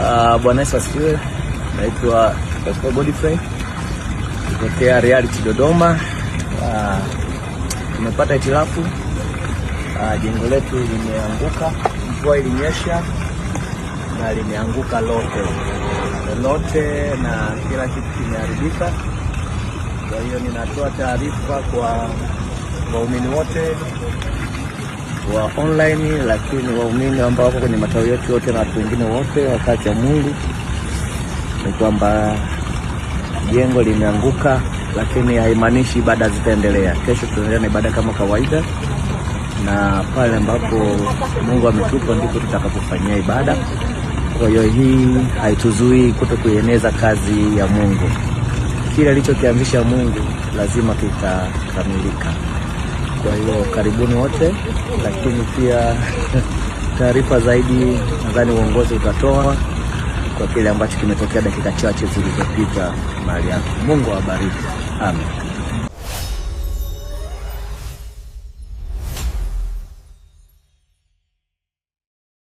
Uh, Bwana Yesu asifiwe. Naitwa Pastor Godfrey kutokea Reality Dodoma. Uh, tumepata hitilafu uh, jengo letu limeanguka, mvua ilinyesha na limeanguka lote lote na kila kitu kimeharibika. Kwa hiyo ninatoa taarifa kwa waumini wote wa online, lakini waumini ambao wako kwenye matawi yetu yote na watu wengine wote wakaa Mungu ni kwamba jengo limeanguka, lakini haimaanishi ibada zitaendelea. Kesho tutaendelea na ibada kama kawaida, na pale ambapo Mungu ametupa ndipo tutakapofanyia ibada. Kwa hiyo hii haituzuii kuto kuieneza kazi ya Mungu. Kile alichokianzisha Mungu lazima kitakamilika. Kwa hiyo karibuni wote, lakini pia taarifa zaidi nadhani uongozi utatoa kwa kile ambacho kimetokea dakika chache zilizopita mahali hapo. Mungu awabariki. Amen.